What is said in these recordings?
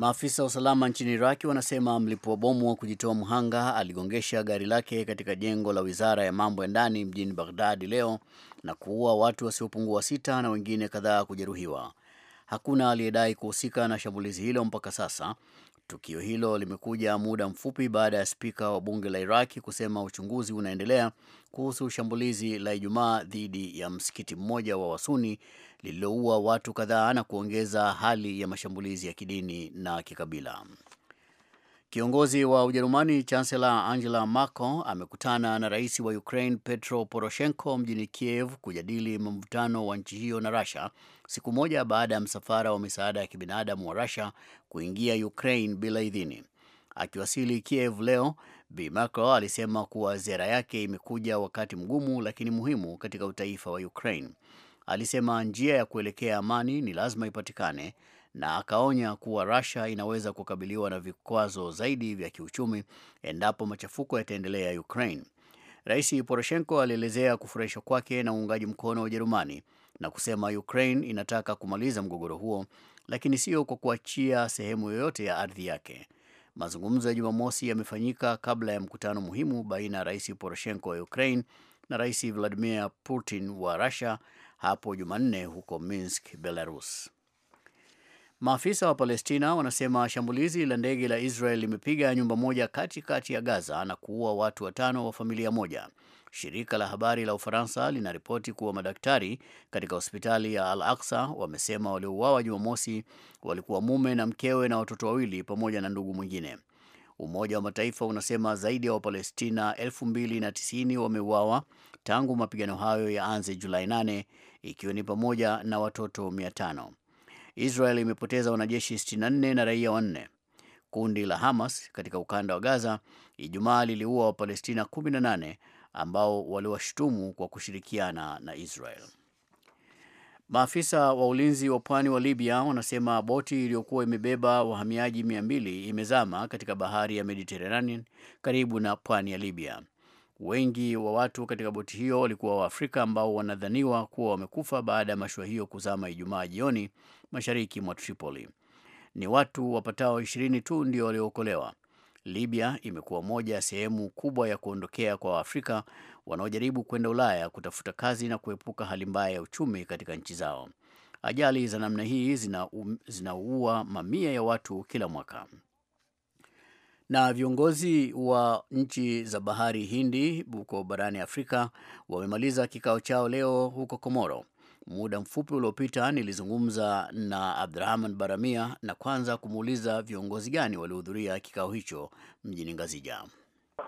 Maafisa wa usalama nchini Iraki wanasema mlipua bomu wa kujitoa mhanga aligongesha gari lake katika jengo la wizara ya mambo ya ndani mjini Baghdad leo na kuua watu wasiopungua wa sita na wengine kadhaa kujeruhiwa. Hakuna aliyedai kuhusika na shambulizi hilo mpaka sasa. Tukio hilo limekuja muda mfupi baada ya spika wa bunge la Iraki kusema uchunguzi unaendelea kuhusu shambulizi la Ijumaa dhidi ya msikiti mmoja wa Wasuni lililoua watu kadhaa na kuongeza hali ya mashambulizi ya kidini na kikabila. Kiongozi wa Ujerumani chancela Angela Merkel amekutana na rais wa Ukraine Petro Poroshenko mjini Kiev kujadili mvutano wa nchi hiyo na Russia siku moja baada ya msafara wa misaada ya kibinadamu wa Russia kuingia Ukraine bila idhini. Akiwasili Kiev leo, Bi Merkel alisema kuwa ziara yake imekuja wakati mgumu lakini muhimu katika utaifa wa Ukraine alisema njia ya kuelekea amani ni lazima ipatikane, na akaonya kuwa Russia inaweza kukabiliwa na vikwazo zaidi vya kiuchumi endapo machafuko yataendelea Ukraine. Rais Poroshenko alielezea kufurahishwa kwake na uungaji mkono wa Ujerumani na kusema Ukraine inataka kumaliza mgogoro huo, lakini sio kwa kuachia sehemu yoyote ya ardhi yake. Mazungumzo ya Jumamosi yamefanyika kabla ya mkutano muhimu baina ya Rais Poroshenko wa Ukraine na Rais Vladimir Putin wa Russia hapo Jumanne huko Minsk, Belarus. Maafisa wa Palestina wanasema shambulizi la ndege la Israel limepiga nyumba moja katikati kati ya Gaza na kuua watu watano wa familia moja. Shirika la habari la Ufaransa linaripoti kuwa madaktari katika hospitali ya Al Aksa wamesema waliouawa Jumamosi walikuwa mume na mkewe na watoto wawili pamoja na ndugu mwingine. Umoja wa Mataifa unasema zaidi ya Wapalestina 290 wameuawa tangu mapigano hayo yaanze Julai 8 ikiwa ni pamoja na watoto 500. Israel imepoteza wanajeshi 64 na raia wanne. Kundi la Hamas katika ukanda wa Gaza Ijumaa liliua Wapalestina 18 ambao waliwashutumu kwa kushirikiana na Israel. Maafisa wa ulinzi wa pwani wa Libya wanasema boti iliyokuwa imebeba wahamiaji 200 imezama katika bahari ya Mediterranean karibu na pwani ya Libya. Wengi wa watu katika boti hiyo walikuwa Waafrika ambao wanadhaniwa kuwa wamekufa baada ya mashua hiyo kuzama Ijumaa jioni mashariki mwa Tripoli. Ni watu wapatao 20 tu ndio waliookolewa. Libya imekuwa moja ya sehemu kubwa ya kuondokea kwa Waafrika wanaojaribu kwenda Ulaya kutafuta kazi na kuepuka hali mbaya ya uchumi katika nchi zao. Ajali za namna hii zinaua um, mamia ya watu kila mwaka. Na viongozi wa nchi za bahari Hindi huko barani Afrika wamemaliza kikao chao leo huko Komoro Muda mfupi uliopita nilizungumza na Abdurahman Baramia na kwanza kumuuliza viongozi gani waliohudhuria kikao hicho mjini Ngazija.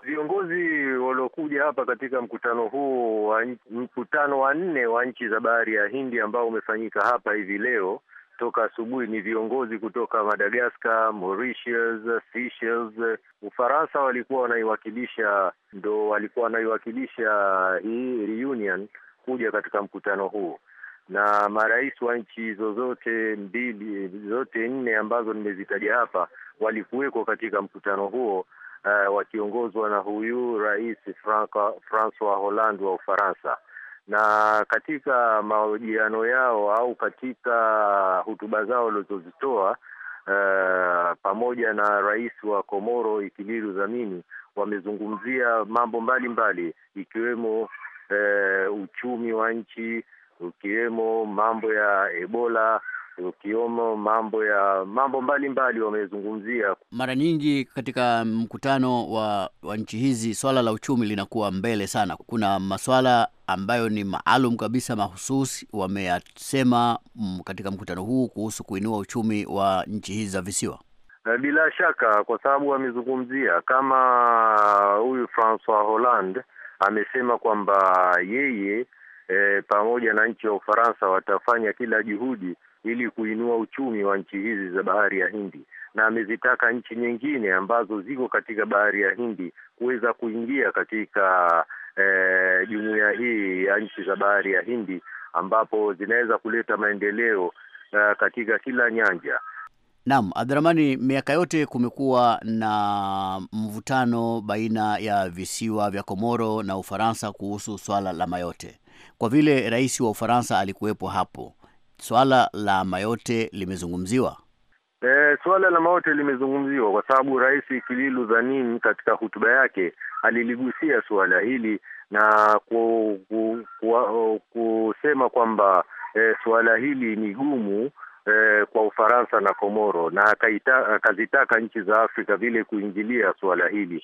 Viongozi waliokuja hapa katika mkutano huu wa mkutano wa nne wa nchi za bahari ya Hindi ambao umefanyika hapa hivi leo toka asubuhi ni viongozi kutoka Madagascar, Mauritius, Seychelles, Ufaransa walikuwa wanaiwakilisha, ndo walikuwa wanaiwakilisha hii reunion kuja katika mkutano huu na marais wa nchi zozote mbili zote nne ambazo nimezitaja hapa walikuweko katika mkutano huo, uh, wakiongozwa na huyu rais Franka, Francois Hollande wa Ufaransa. Na katika mahojiano yao au katika hutuba zao walizozitoa Uh, pamoja na rais wa Komoro Ikililu Dlamini wamezungumzia mambo mbalimbali mbali, ikiwemo uh, uchumi wa nchi ukiwemo mambo ya Ebola ukiwemo mambo ya mambo mbalimbali wamezungumzia. Mara nyingi katika mkutano wa, wa nchi hizi swala la uchumi linakuwa mbele sana. Kuna maswala ambayo ni maalum kabisa mahususi wameyasema mm, katika mkutano huu kuhusu kuinua uchumi wa nchi hizi za visiwa. Bila shaka, kwa sababu wamezungumzia kama huyu Francois holand amesema kwamba yeye e, pamoja na nchi ya Ufaransa watafanya kila juhudi ili kuinua uchumi wa nchi hizi za bahari ya Hindi, na amezitaka nchi nyingine ambazo ziko katika bahari ya Hindi kuweza kuingia katika e, jumuiya e, hii ya nchi za bahari ya Hindi ambapo zinaweza kuleta maendeleo e, katika kila nyanja. Naam, Abdurahmani, miaka yote kumekuwa na mvutano baina ya visiwa vya Komoro na Ufaransa kuhusu swala la Mayotte. Kwa vile rais wa Ufaransa alikuwepo hapo, swala la Mayote limezungumziwa. E, suala la mayote limezungumziwa kwa sababu Rais Kililu Zanin katika hotuba yake aliligusia suala hili na ku, ku, ku, kusema kwamba e, suala hili ni gumu e, kwa Ufaransa na Komoro na akazitaka nchi za Afrika vile kuingilia suala hili.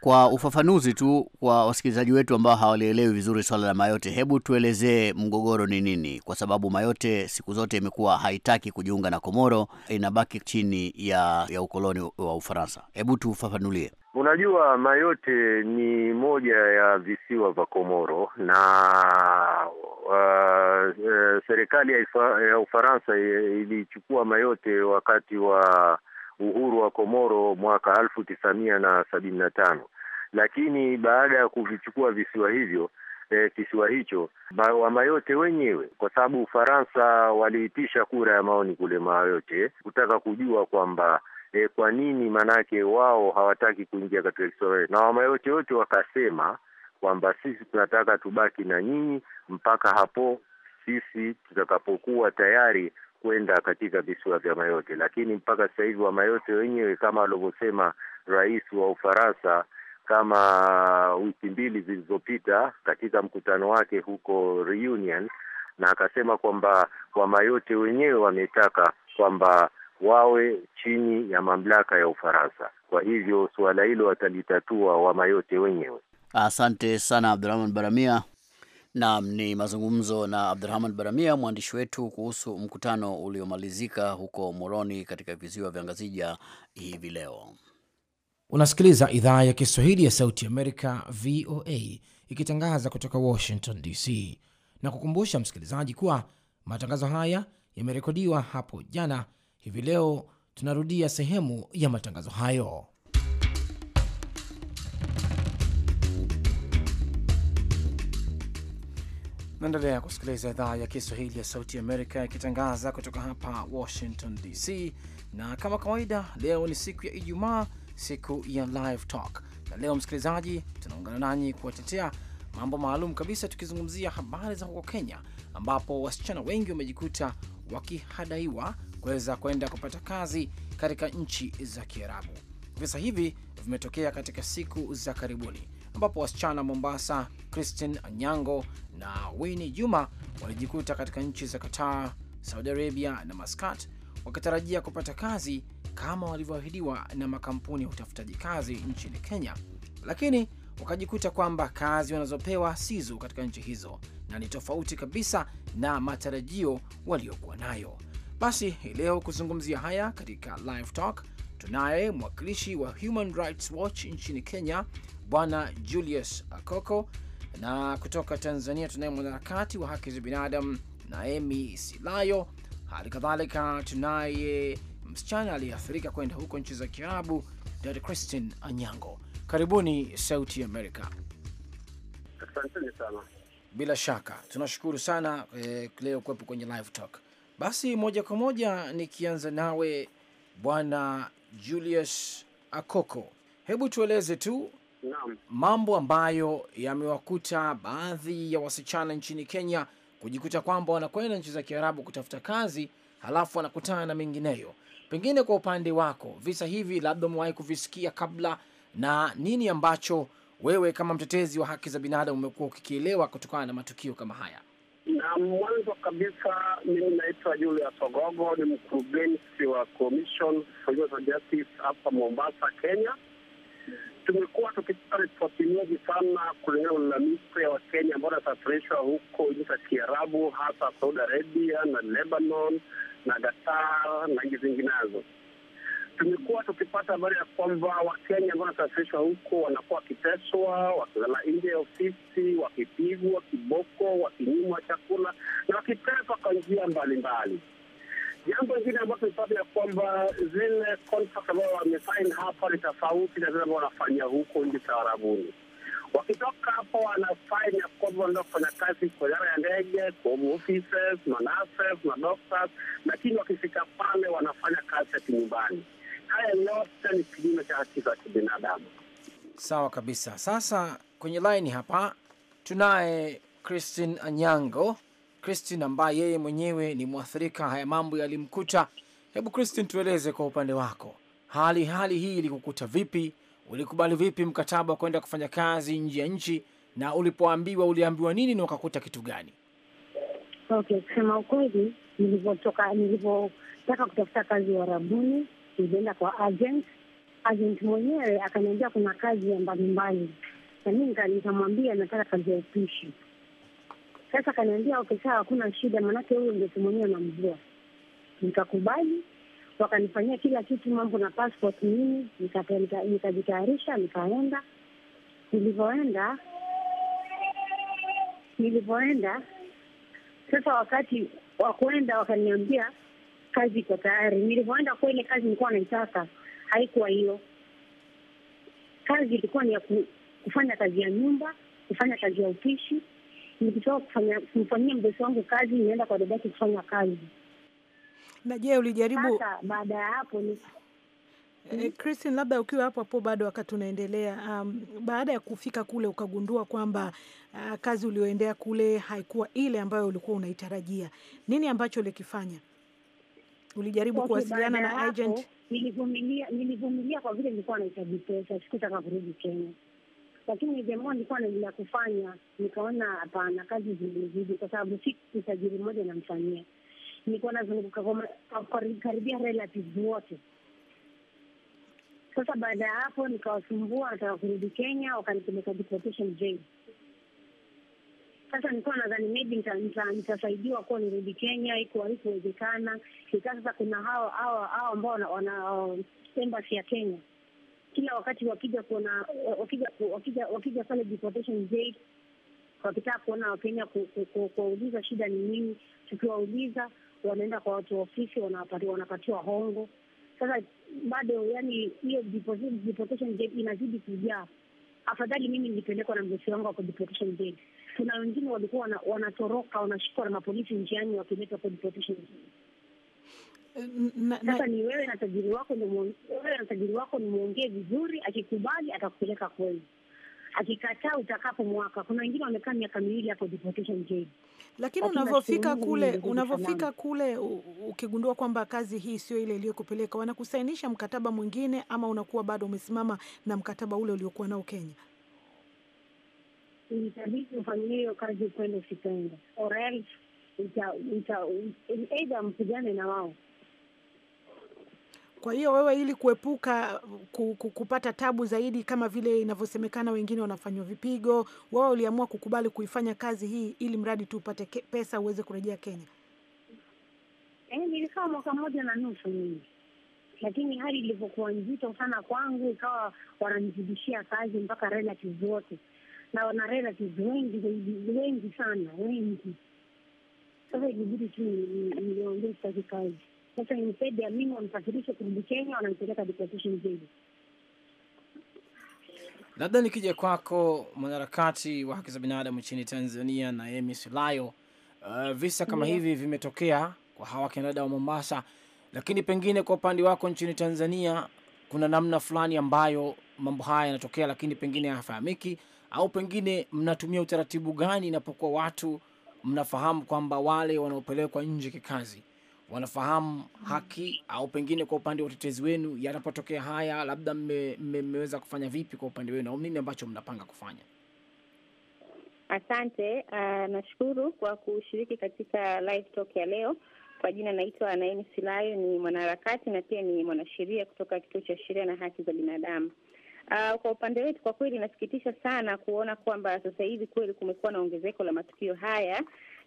Kwa ufafanuzi tu kwa wasikilizaji wetu ambao hawalielewi vizuri swala la Mayote, hebu tuelezee mgogoro ni nini, kwa sababu Mayote siku zote imekuwa haitaki kujiunga na Komoro, inabaki chini ya, ya ukoloni wa Ufaransa. Hebu tufafanulie. Unajua, Mayote ni moja ya visiwa vya Komoro na uh, uh serikali ya Ufaransa ilichukua Mayote wakati wa uhuru wa Komoro mwaka elfu tisamia na sabini na tano, lakini baada ya kuvichukua visiwa hivyo eh, kisiwa hicho Wamayote wenyewe, kwa sababu Ufaransa waliitisha kura ya maoni kule Mayote kutaka kujua kwamba eh, kwa nini manake wao hawataki kuingia katika kisiwa, na Wamayote wote wakasema kwamba sisi tunataka tubaki na nyinyi mpaka hapo sisi tutakapokuwa tayari kwenda katika visiwa vya Mayote, lakini mpaka sasa hivi wa Mayote wenyewe kama alivyosema rais wa Ufaransa kama wiki mbili zilizopita katika mkutano wake huko Reunion, na akasema kwamba Mayote wenyewe wametaka kwamba wawe chini ya mamlaka ya Ufaransa. Kwa hivyo suala hilo watalitatua Mayote wenyewe. Asante sana Abdurahman Baramia. Naam, ni mazungumzo na Abdurahman Baramia, mwandishi wetu, kuhusu mkutano uliomalizika huko Moroni katika visiwa vya Ngazija hivi leo. Unasikiliza idhaa ya Kiswahili ya Sauti Amerika, VOA, ikitangaza kutoka Washington DC, na kukumbusha msikilizaji kuwa matangazo haya yamerekodiwa hapo jana. Hivi leo tunarudia sehemu ya matangazo hayo. Naendelea kusikiliza idhaa ya Kiswahili ya Sauti Amerika ikitangaza kutoka hapa Washington DC, na kama kawaida, leo ni siku ya Ijumaa, siku ya Live Talk, na leo msikilizaji, tunaungana nanyi kuwatetea mambo maalum kabisa, tukizungumzia habari za huko Kenya ambapo wasichana wengi wamejikuta wakihadaiwa kuweza kwenda kupata kazi katika nchi za Kiarabu. Visa hivi vimetokea katika siku za karibuni ambapo wasichana Mombasa Christian Anyango na wini Juma walijikuta katika nchi za Qatar, Saudi Arabia na Muscat wakitarajia kupata kazi kama walivyoahidiwa na makampuni ya utafutaji kazi nchini Kenya, lakini wakajikuta kwamba kazi wanazopewa sizo katika nchi hizo na ni tofauti kabisa na matarajio waliokuwa nayo. Basi hii leo kuzungumzia haya katika Live Talk tunaye mwakilishi wa Human Rights Watch nchini Kenya, Bwana Julius Akoko na kutoka Tanzania tunaye mwanaharakati wa haki za binadamu Naemi Silayo, hali kadhalika tunaye msichana aliyeathirika kwenda huko nchi za Kiarabu, Dr. Christine Anyango. Karibuni Sauti Amerika. Asanteni sana. Bila shaka tunashukuru sana eh, leo kuwepo kwenye live talk. Basi moja kwa moja nikianza nawe Bwana Julius Akoko, hebu tueleze tu Mambo ambayo yamewakuta baadhi ya wasichana nchini Kenya kujikuta kwamba wanakwenda nchi za Kiarabu kutafuta kazi, halafu wanakutana na mengineyo. Pengine kwa upande wako, visa hivi labda umewahi kuvisikia kabla, na nini ambacho wewe kama mtetezi wa haki za binadamu umekuwa ukikielewa kutokana na matukio kama haya? Na mwanzo kabisa, mimi naitwa Julius Ogogo, ni mkurugenzi wa Commission for Justice hapa Mombasa, Kenya tumekuwa tukipata ripoti nyingi sana kulingana na malalamiko ya Wakenya ambao wanasafirishwa huko nchi za Kiarabu, hasa Saudi Arabia na Lebanon na Qatar na nchi zinginazo Tumekuwa tukipata habari ya kwamba Wakenya ambao wanasafirishwa huko wanakuwa wakiteswa, wakilala nje ya ofisi, wakipigwa kiboko, wakinyimwa chakula na wakiteswa kwa njia mbalimbali mbali. Jambo lingine ambazo ipata ya kwamba zile contract ambayo hapa ni tofauti na zile ambao wanafanya huko nchi za Arabuni. Wakitoka hapo ya kwamba wanaenda kufanya kazi kwa idara ya ndege, kwa home offices, manurses, madoctors, lakini wakifika pale wanafanya kazi ya kinyumbani. Haya yote ni kinyume cha haki za kibinadamu. Sawa kabisa. Sasa kwenye laini hapa tunaye Christine Anyango Christine ambaye yeye mwenyewe ni mwathirika, haya mambo yalimkuta. Hebu Christine, tueleze kwa upande wako, hali hali hii ilikukuta vipi? Ulikubali vipi mkataba wa kwenda kufanya kazi nje ya nchi, na ulipoambiwa uliambiwa nini na ukakuta kitu gani? Okay, kusema ukweli, nilivyotoka nilivyotaka kutafuta kazi wa rabuni nilienda kwa agent. Agent mwenyewe akaniambia kuna kazi ya mbalimbali, na mimi nikamwambia nataka kazi ya upishi sasa kaniambia okay, sawa, hakuna shida, maanake huyu ungesimamia na mvua. Nikakubali, wakanifanyia kila kitu, mambo na passport nini, nikajitayarisha, nikaenda. Nilivyoenda nilivyoenda sasa, wakati wa kuenda wakaniambia kazi iko tayari. Nilivyoenda kwa ile kazi nilikuwa naitaka haikuwa hiyo kazi, ilikuwa ni ya kufanya kazi ya nyumba, kufanya kazi ya upishi nikitoka kufanya kumfanyia mdosi wangu kazi, nienda kwa dadake kufanya kazi. Na je, ulijaribu sasa baada ya hapo ni E, eh, eh, Christine, labda ukiwa hapo hapo bado wakati unaendelea, um, baada ya kufika kule ukagundua kwamba uh, kazi ulioendea kule haikuwa ile ambayo ulikuwa unaitarajia, nini ambacho ulikifanya? Ulijaribu kuwasiliana na agent? Nilivumilia, nilivumilia kwa vile nilikuwa nahitaji pesa, sikutaka kurudi Kenya lakini jamaa alikuwa najila kufanya, nikaona hapana, kazi zilizidi, kwa sababu si tajiri mmoja namfanyia. Nilikuwa nazunguka karibia relatives wote. Sasa baada ya hapo nikawasumbua, nataka kurudi Kenya, wakanipeleka deportation jail. Sasa nilikuwa nadhani maybe nitasaidiwa kuwa nirudi Kenya, haikuwezekana. Ikaa sasa, kuna hao hao hao ambao wana embassy ya Kenya kila wakati wakija kuona wakija wakija wakija pale deportation jail wakitaka kuona Wakenya, kuwauliza shida ni nini, tukiwauliza wanaenda kwa watu wa ofisi, wanapatiwa hongo. Sasa bado yani hiyo deportation jail inazidi kujaa. Afadhali mimi nilipelekwa na mgosi wangu kwa deportation jail. Kuna wengine walikuwa wanatoroka, wanashikwa na mapolisi njiani wakiletwa kwa deportation jail. Sasa ni wewe na tajiri wako, wewe na tajiri wako ni mwongee vizuri, akikubali atakupeleka kwenu, akikataa utakapo mwaka. Kuna wengine wamekaa miaka miwili hapo deportation jail. Lakini unavyofika kule, unavyofika kule ukigundua kwamba kazi hii sio ile iliyokupeleka, wanakusainisha mkataba mwingine, ama unakuwa bado umesimama na mkataba ule uliokuwa nao Kenya? Itabidi ufanyie hiyo kazi, upende usipende, or else ita- ita- ita mpigane na wao kwa hiyo wewe, ili kuepuka kupata tabu zaidi, kama vile inavyosemekana wengine wanafanywa vipigo, wewe uliamua kukubali kuifanya kazi hii ili mradi tu upate pesa uweze kurejea Kenya? Eh, nilikaa mwaka mmoja na nusu mimi, lakini hali ilivyokuwa nzito sana kwangu, ikawa wananizidishia kazi mpaka relatives wote na wana relatives wengi zaidi, wengi sana, wengi. Sasa ilibidi tu niongeze kazi sasa Hussein mimi wamsafirisha kurudi Kenya, wanampeleka deportation zaidi. Labda nikija kwako mwanaharakati wa haki za binadamu nchini Tanzania na Yemi Sulayo, uh, visa kama yeah, hivi vimetokea kwa hawa kinadada wa Mombasa, lakini pengine kwa upande wako nchini Tanzania kuna namna fulani ambayo mambo haya yanatokea, lakini pengine hayafahamiki, au pengine mnatumia utaratibu gani inapokuwa watu mnafahamu kwamba wale wanaopelekwa nje kikazi wanafahamu haki au pengine kwa upande wa utetezi wenu, yanapotokea haya, labda mmeweza me, kufanya vipi kwa upande wenu au nini ambacho mnapanga kufanya? Asante. Uh, nashukuru kwa kushiriki katika live talk ya leo. Kwa jina naitwa Naini Silayo, ni mwanaharakati na pia ni mwanasheria kutoka Kituo cha Sheria na Haki za Binadamu. Uh, kwa upande wetu kwa kweli inasikitisha sana kuona kwamba sasa hivi kweli kumekuwa na ongezeko la matukio haya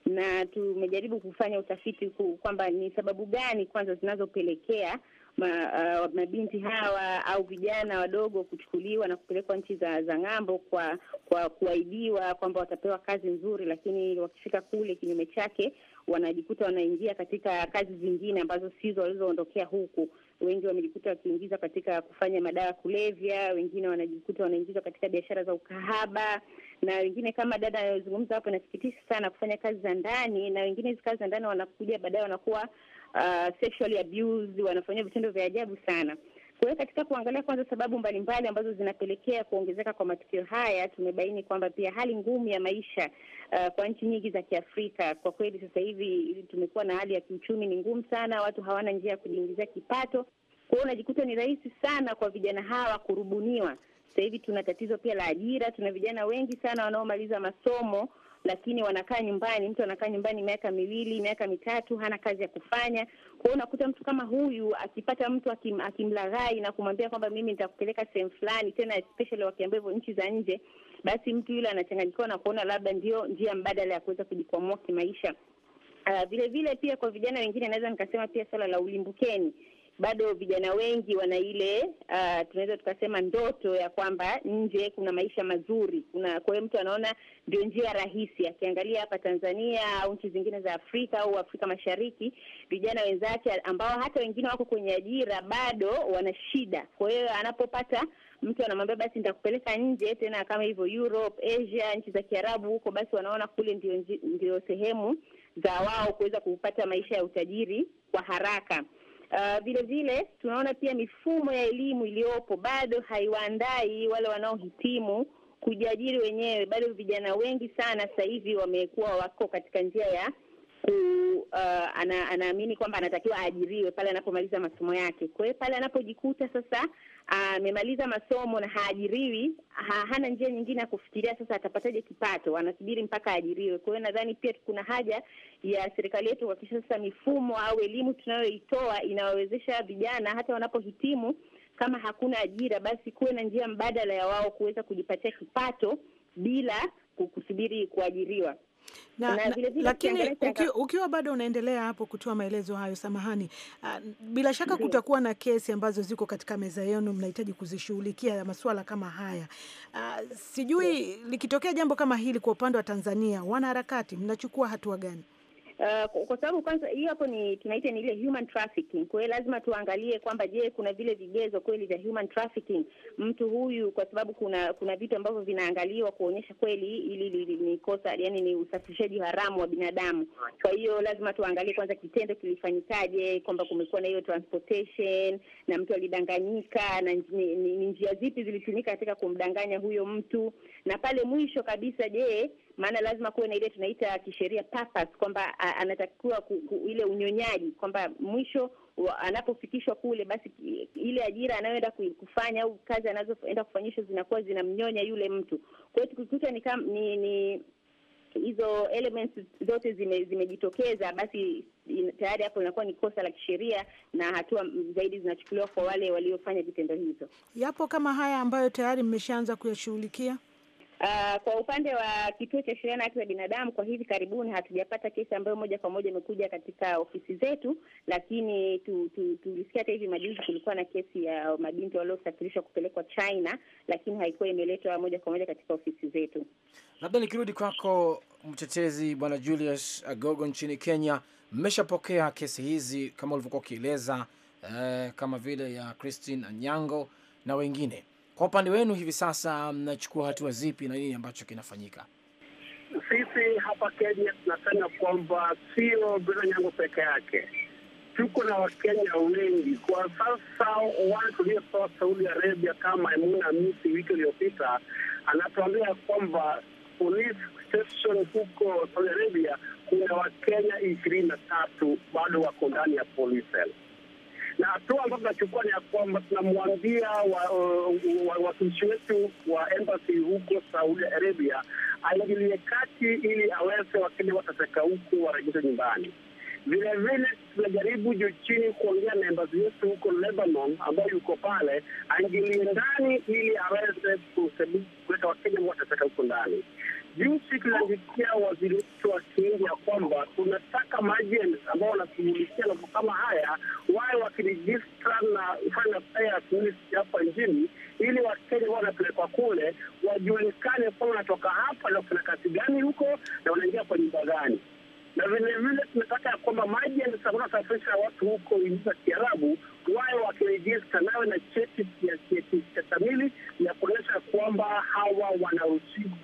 na tumejaribu kufanya utafiti kwamba ni sababu gani kwanza zinazopelekea ma, uh, mabinti hawa au vijana wadogo kuchukuliwa na kupelekwa nchi za, za ng'ambo kwa kwa kuahidiwa kwamba watapewa kazi nzuri, lakini wakifika kule kinyume chake wanajikuta wanaingia katika kazi zingine ambazo sizo walizoondokea huku. Wengi wamejikuta wakiingizwa katika kufanya madawa kulevya, wengine wanajikuta wanaingizwa katika biashara za ukahaba na wengine kama dada anayozungumza hapo, inasikitisha sana kufanya kazi za ndani, na wengine hizi kazi za ndani wanakuja baadaye wanakuwa uh, sexually abused, wanafanyia vitendo vya ajabu sana. Kwa hiyo katika kuangalia kwanza sababu mbalimbali ambazo zinapelekea kuongezeka kwa matukio haya, tumebaini kwamba pia hali ngumu ya maisha uh, kwa nchi nyingi za Kiafrika kwa kweli, sasa hivi tumekuwa na hali ya kiuchumi ni ngumu sana, watu hawana njia ya kujiingizia kipato. Kwa hiyo unajikuta ni rahisi sana kwa vijana hawa kurubuniwa sasa hivi tuna tatizo pia la ajira. Tuna vijana wengi sana wanaomaliza masomo lakini wanakaa nyumbani. Mtu anakaa nyumbani miaka miwili, miaka mitatu, hana kazi ya kufanya. Kwa hiyo unakuta mtu kama huyu akipata mtu akim, akimlaghai na kumwambia kwamba mimi nitakupeleka sehemu fulani, tena especially wakiambia hivyo nchi za nje, basi mtu yule anachanganyikiwa na kuona labda ndio njia mbadala ya kuweza kujikwamua kimaisha. Uh, vile vile pia kwa vijana wengine naweza nikasema pia swala la ulimbukeni bado vijana wengi wana ile uh, tunaweza tukasema ndoto ya kwamba nje kuna maisha mazuri, kuna kwa hiyo mtu anaona ndio njia rahisi. Akiangalia hapa Tanzania au nchi zingine za Afrika au Afrika Mashariki, vijana wenzake ambao hata wengine wako kwenye ajira bado wana shida. Kwa hiyo anapopata mtu anamwambia basi nitakupeleka nje, tena kama hivyo Europe, Asia, nchi za Kiarabu huko, basi wanaona kule ndio, ndio sehemu za wao kuweza kupata maisha ya utajiri kwa haraka. Vilevile eh, uh, tunaona pia mifumo ya elimu iliyopo bado haiwaandai wale wanaohitimu kujiajiri wenyewe. Bado vijana wengi sana sasa hivi wamekuwa wako katika njia ya ku uh, ana, anaamini kwamba anatakiwa aajiriwe pale anapomaliza masomo yake. Kwa hiyo pale anapojikuta sasa uh, amemaliza uh, masomo na haajiriwi, ha, hana njia nyingine ya kufikiria sasa atapataje kipato, anasubiri mpaka aajiriwe. Kwa hiyo nadhani pia kuna haja ya serikali yetu kuhakikisha sasa mifumo au elimu tunayoitoa inawawezesha vijana hata wanapohitimu, kama hakuna ajira, basi kuwe na njia mbadala ya wao kuweza kujipatia kipato bila kusubiri kuajiriwa na, na, na lakini uki, ukiwa bado unaendelea hapo kutoa maelezo hayo, samahani, ah, bila shaka kutakuwa na kesi ambazo ziko katika meza yenu, mnahitaji kuzishughulikia ya masuala kama haya. Ah, sijui likitokea jambo kama hili kwa upande wa Tanzania, wanaharakati mnachukua hatua gani? uh, kwa sababu kwanza hiyo hapo ni tunaita ni ile human trafficking. Kwa hiyo lazima tuangalie kwamba je, kuna vile vigezo kweli vya human trafficking mtu huyu, kwa sababu kuna kuna vitu ambavyo vinaangaliwa kuonyesha kweli ili ni kosa, yani ni usafirishaji haramu wa binadamu. Kwa hiyo lazima tuangalie kwanza kitendo kilifanyikaje, kwamba kumekuwa na hiyo transportation na mtu alidanganyika, na ni, ni njia zipi zilitumika katika kumdanganya huyo mtu, na pale mwisho kabisa, je maana lazima kuwe na ile tunaita kisheria purpose, kwamba anatakiwa ku, ku, ile unyonyaji kwamba mwisho anapofikishwa kule, basi ile ajira anayoenda kufanya au kazi anazoenda kufanyishwa zinakuwa zinamnyonya yule mtu. Kwa hiyo tukikuta ni, ni, ni hizo elements zote zime, zimejitokeza basi tayari hapo inakuwa ni kosa la kisheria na hatua zaidi zinachukuliwa kwa wale waliofanya vitendo hivyo. Yapo kama haya ambayo tayari mmeshaanza kuyashughulikia? Uh, kwa upande wa kituo cha sheria na haki za binadamu kwa hivi karibuni hatujapata kesi ambayo moja kwa moja imekuja katika ofisi zetu, lakini tulisikia tu, tu, hata hivi majuzi kulikuwa na kesi ya mabinti waliosafirishwa kupelekwa China, lakini haikuwa imeletwa moja kwa moja katika ofisi zetu. Labda nikirudi kwako, mtetezi Bwana Julius Agogo nchini Kenya, mmeshapokea kesi hizi kama ulivyokuwa ukieleza, eh, kama vile ya Christine Anyango na wengine kwa upande wenu hivi sasa mnachukua hatua zipi na nini ambacho kinafanyika? Sisi hapa Kenya tunasema kwamba sio bila Nyango peke yake, tuko na Wakenya wengi kwa sasa. Watu tuliotoa Saudi Arabia kama Emuna Misi wiki iliyopita anatuambia kwamba police station huko Saudi Arabia kuna Wakenya ishirini na tatu bado wako ndani ya polisi na hatua ambazo tunachukua ni ya kwamba tunamwambia wawakilishi uh, wetu wa embassy huko Saudi Arabia aingilie kati ili aweze wakili watateka huku warejeze nyumbani. Vilevile tunajaribu juu chini kuongea na embassy yetu huko Lebanon ambayo yuko pale, aingilie ndani ili aweze kuweka wakenya watateka huko ndani jinsi tunasikia waziri wetu wakiingi ya kwamba tunataka maji ambao wanashughulikia mambo kama haya wawe wakirejista na kufanya affairs hapa nchini, ili Wakenya huwa wanapelekwa kule wajulikane kwamba wanatoka hapa na kuna kazi gani huko na wanaingia kwa nyumba gani na vilevile tunataka ya kwamba maji ambao watu huko nchi za Kiarabu wawe wakirejista, nawe na cheti cha kamili ya kuonyesha kwamba hawa wanahusiku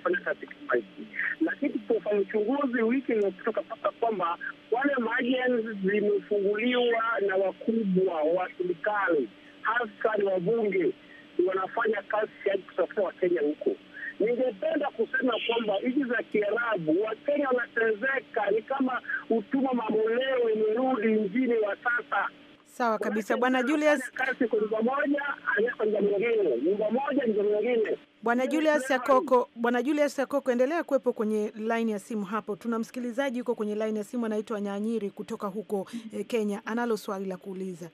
uchunguzi wiki iliyopita ukapata kwamba wale majenzi zimefunguliwa na wakubwa wa serikali, hasa ni wabunge, wanafanya kazi yaani kutafuta Wakenya huko. Ningependa kusema kwamba nchi za Kiarabu Wakenya wanatezeka, ni kama utuma mamoleo imerudi njini wa sasa. Sawa kabisa, Bwana Julius, kazi kwa nyumba moja, anaenda nyumba nyingine, nyumba moja, nyumba nyingine Bwana Julius Yakoko, Bwana Julius Yakoko, endelea kuwepo kwenye line ya simu hapo. Tuna msikilizaji huko kwenye line ya simu anaitwa Nyanyiri kutoka huko mm-hmm. eh, Kenya, analo swali la kuuliza.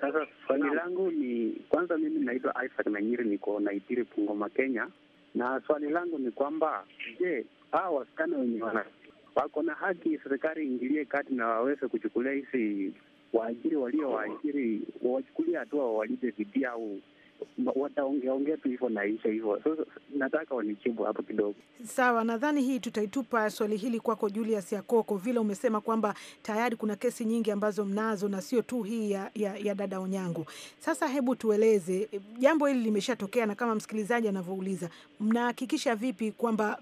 Sasa swali langu ni kwanza, mimi naitwa Isaac Nanyiri, niko Naitiri, pungoma Kenya, na swali langu ni kwamba je, hawa wasichana wenye wana wako na haki, serikali ingilie kati na waweze kuchukulia hizi waajiri waliowaajiri, wawachukulie hatua, wawalipe vidia au wataongeaongea tu hivyo na isha hivyo. So, nataka wanichibu hapo kidogo. Sawa, nadhani hii tutaitupa swali hili kwako Julius Yakoko, vile umesema kwamba tayari kuna kesi nyingi ambazo mnazo na sio tu hii ya, ya, ya dada Onyango. Sasa hebu tueleze jambo hili limeshatokea, na kama msikilizaji anavyouliza, mnahakikisha vipi kwamba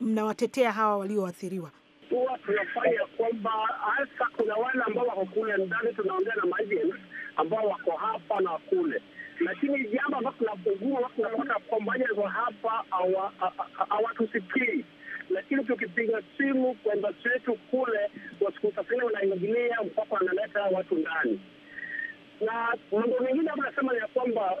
mnawatetea hawa walioathiriwa? Huwa tunafanya kwamba hasa kuna wale ambao wako kule ndani, tunaongea na maji ambao wako hapa na kule lakini jambo ambalo tunapungua tunapata kwamba wa hapa hawatusikii, lakini tukipiga simu kwa embasi kule, kwa wanaingilia mpaka wanaleta watu ndani. Na mambo mengine ao nasema ya kwamba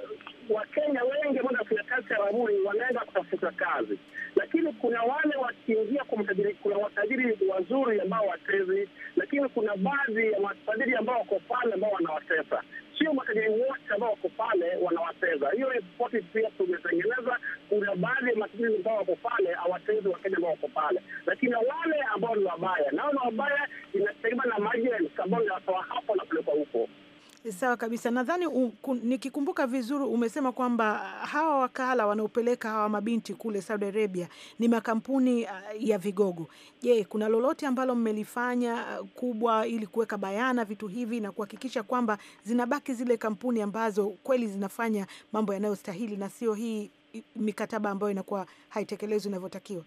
Wakenya wengi ambao nafanya kazi Arabuni wanaenda kutafuta kazi, lakini kuna wale wakiingia kwa matajiri kuna watajiri wazuri ambao watezi, lakini kuna baadhi ya matajiri ambao wako pale ambao wanawatesa, sio matajiri wote wako pale wanawacheza. Hiyo ripoti pia tumetengeneza. Kuna baadhi ya matumizi ambao wako pale hawachezi Wakenya ambao sawa kabisa. Nadhani nikikumbuka vizuri, umesema kwamba uh, hawa wakala wanaopeleka hawa mabinti kule Saudi Arabia ni makampuni uh, ya vigogo. Je, kuna lolote ambalo mmelifanya uh, kubwa ili kuweka bayana vitu hivi na kuhakikisha kwamba zinabaki zile kampuni ambazo kweli zinafanya mambo yanayostahili na sio hii mikataba ambayo inakuwa haitekelezwi inavyotakiwa?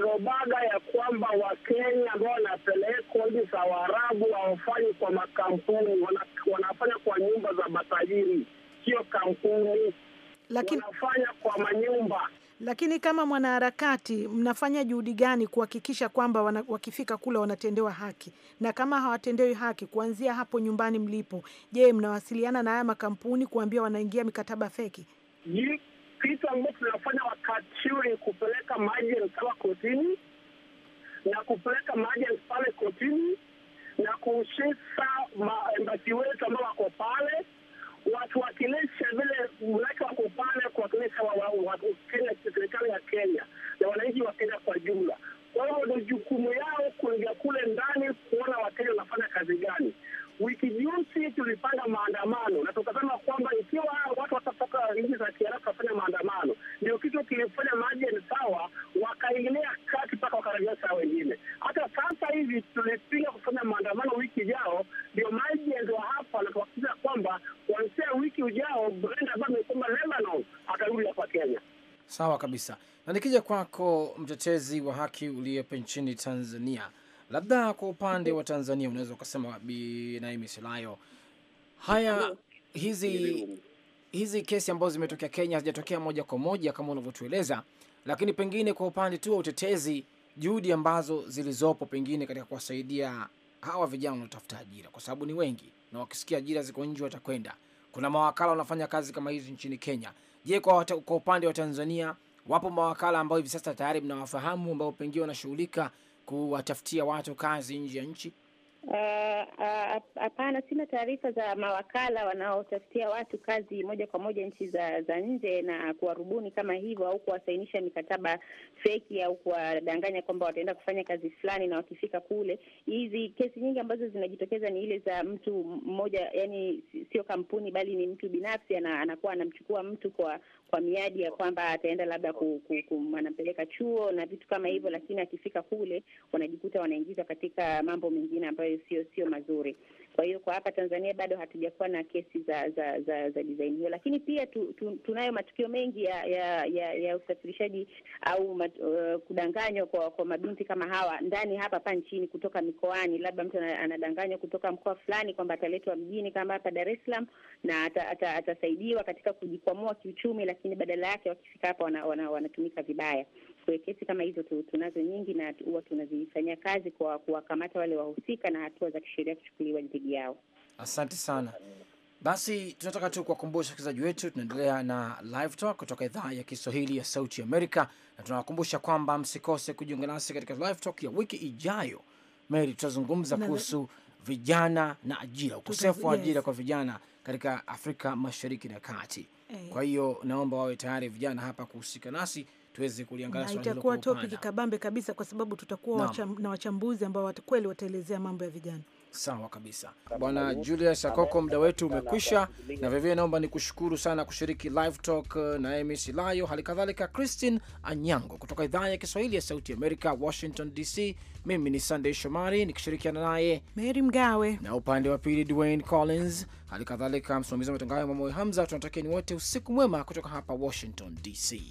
kanobaga ya kwamba Wakenya ambao wanapelekwa nchi za Waarabu hawafanyi kwa makampuni, wanafanya kwa nyumba za matajiri, sio kampuni lakini, wanafanya kwa manyumba. Lakini kama mwanaharakati, mnafanya juhudi gani kuhakikisha kwamba wana, wakifika kule wanatendewa haki, na kama hawatendewi haki kuanzia hapo nyumbani mlipo, je, mnawasiliana na haya makampuni kuambia wanaingia mikataba feki? kitu ambacho tunafanya wakati kupeleka maji kama kotini na kupeleka maji pale kotini na kuhusisha maembasi wetu ambao wako pale watuwakilisha vile mlaki wako pale kuwakilisha serikali ya Kenya na wananchi wa Kenya kwa jumla. Kwa hiyo ni jukumu yao kuingia kule ndani kuona Wakenya wanafanya kazi gani wiki juzi tulipanda maandamano na tukasema kwamba ikiwa watu watatoka nchi za Kiarabu kufanya maandamano, ndio kitu kilifanya ni sawa wakaingilia kati mpaka saa wengine. Hata sasa hivi tulipinga kufanya maandamano wiki ijao, ndio maji wa hapa wanatuhakikisha kwamba kuanzia wiki ujao Brenda ambayo amesema Lebanon atarudi hapa Kenya. Sawa kabisa, na nikija kwako mtetezi wa haki uliyepo nchini Tanzania Labda kwa upande wa Tanzania unaweza ukasema Bi Naimi Silayo, haya hizi hizi kesi ambazo zimetokea Kenya hazijatokea moja kwa moja kama unavyotueleza, lakini pengine kwa upande tu wa utetezi, juhudi ambazo zilizopo pengine katika kuwasaidia hawa vijana wanaotafuta ajira, kwa sababu ni wengi na wakisikia ajira ziko nje watakwenda. Kuna mawakala wanafanya kazi kama hizi nchini Kenya. Je, kwa, kwa upande wa Tanzania wapo mawakala ambao hivi sasa tayari mnawafahamu ambao pengine wanashughulika kuwatafutia watu kazi nje ya nchi Eh, hapana, uh, uh, sina taarifa za mawakala wanaotafutia watu kazi moja kwa moja nchi za, za nje na kuwarubuni kama hivyo au kuwasainisha mikataba feki au kuwadanganya kwamba wataenda kufanya kazi fulani na wakifika kule. Hizi kesi nyingi ambazo zinajitokeza ni ile za mtu mmoja, yani sio kampuni bali ni mtu binafsi, anakuwa anamchukua mtu kwa kwa miadi ya kwamba ataenda labda ku, ku, ku, anampeleka chuo na vitu kama hivyo, lakini akifika kule wanajikuta wanaingizwa katika mambo mengine ambayo ambayo sio sio mazuri. Kwa hiyo kwa hapa Tanzania bado hatujakuwa na kesi za za za, za design hiyo, lakini pia tu, tu, tunayo matukio mengi ya ya, ya, ya usafirishaji au mat, uh, kudanganywa kwa kwa mabinti kama hawa ndani hapa hapa nchini kutoka mikoani, labda mtu anadanganywa kutoka mkoa fulani kwamba ataletwa mjini kama hapa Dar es Salaam na atasaidiwa katika kujikwamua kiuchumi, lakini badala yake wakifika hapa wanatumika wana, wana vibaya kesi kama hizo tunazo nyingi, na huwa tunazifanyia kazi kwa kuwakamata wale wahusika na hatua za kisheria kuchukuliwa dhidi yao. Asante sana. Basi tunataka tu kuwakumbusha wasikilizaji wetu, tunaendelea na Live Talk kutoka idhaa ya Kiswahili ya Sauti Amerika, na tunawakumbusha kwamba msikose kujiunga nasi katika Live Talk ya wiki ijayo. Mary, tutazungumza kuhusu vijana na ajira, ukosefu wa ajira kwa vijana katika Afrika Mashariki na Kati. Eh. Kwa hiyo naomba wawe tayari vijana hapa kuhusika nasi tuweze kuliangalia swala hilo kwa Itakuwa topic kabambe kabisa, kwa sababu tutakuwa na, wacham, na wachambuzi ambao kweli wataelezea mambo ya vijana. Sawa kabisa, Bwana Julius Akoko, muda wetu umekwisha, na vivyo naomba nikushukuru sana kushiriki live talk eh, na Ms Layo, hali kadhalika Christine Anyango kutoka idhaa ya Kiswahili ya Sauti Amerika, Washington DC. Mimi ni Sunday Shomari nikishirikiana naye Mary Mgawe na upande wa pili Dwayne Collins, hali kadhalika msimamizi wa matangazo Mamoyo Hamza. Tunatakia ni wote usiku mwema kutoka hapa Washington DC.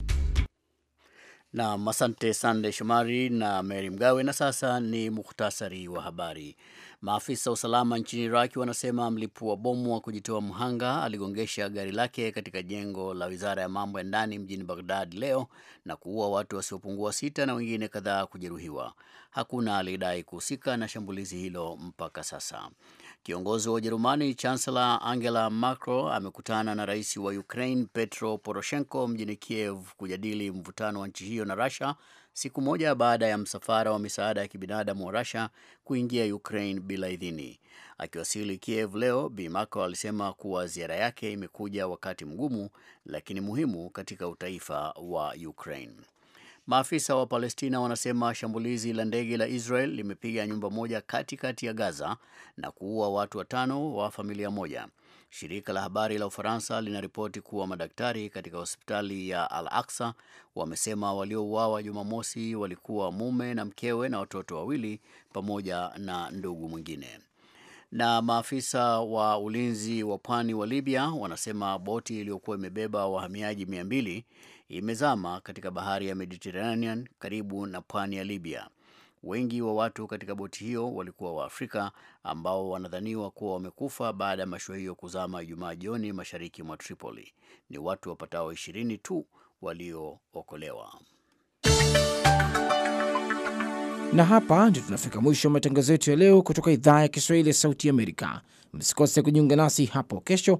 Nam, asante Sande Shomari na Mary Mgawe. Na sasa ni muhtasari wa habari. Maafisa wa usalama nchini Iraki wanasema mlipua bomu wa kujitoa mhanga aligongesha gari lake katika jengo la wizara ya mambo ya ndani mjini Baghdad leo na kuua watu wasiopungua sita na wengine kadhaa kujeruhiwa. Hakuna aliyedai kuhusika na shambulizi hilo mpaka sasa. Kiongozi wa Ujerumani Chancellor Angela Merkel amekutana na rais wa Ukraine Petro Poroshenko mjini Kiev kujadili mvutano wa nchi hiyo na Russia siku moja baada ya msafara wa misaada ya kibinadamu wa Russia kuingia Ukraine bila idhini. Akiwasili Kiev leo, Bi Merkel alisema kuwa ziara yake imekuja wakati mgumu lakini muhimu katika utaifa wa Ukraine. Maafisa wa Palestina wanasema shambulizi la ndege la Israel limepiga nyumba moja katikati kati ya Gaza na kuua watu watano wa familia moja. Shirika la habari la Ufaransa linaripoti kuwa madaktari katika hospitali ya Al Aksa wamesema waliouawa Jumamosi walikuwa mume na mkewe na watoto wawili pamoja na ndugu mwingine. Na maafisa wa ulinzi wa pwani wa Libya wanasema boti iliyokuwa imebeba wahamiaji mia mbili imezama katika bahari ya Mediterranean karibu na pwani ya Libya. Wengi wa watu katika boti hiyo walikuwa Waafrika ambao wanadhaniwa kuwa wamekufa baada ya mashua hiyo kuzama Ijumaa jioni mashariki mwa Tripoli. Ni watu wapatao ishirini tu waliookolewa. Na hapa ndio tunafika mwisho wa matangazo yetu ya leo kutoka idhaa ya Kiswahili ya Sauti Amerika. Msikose kujiunga nasi hapo kesho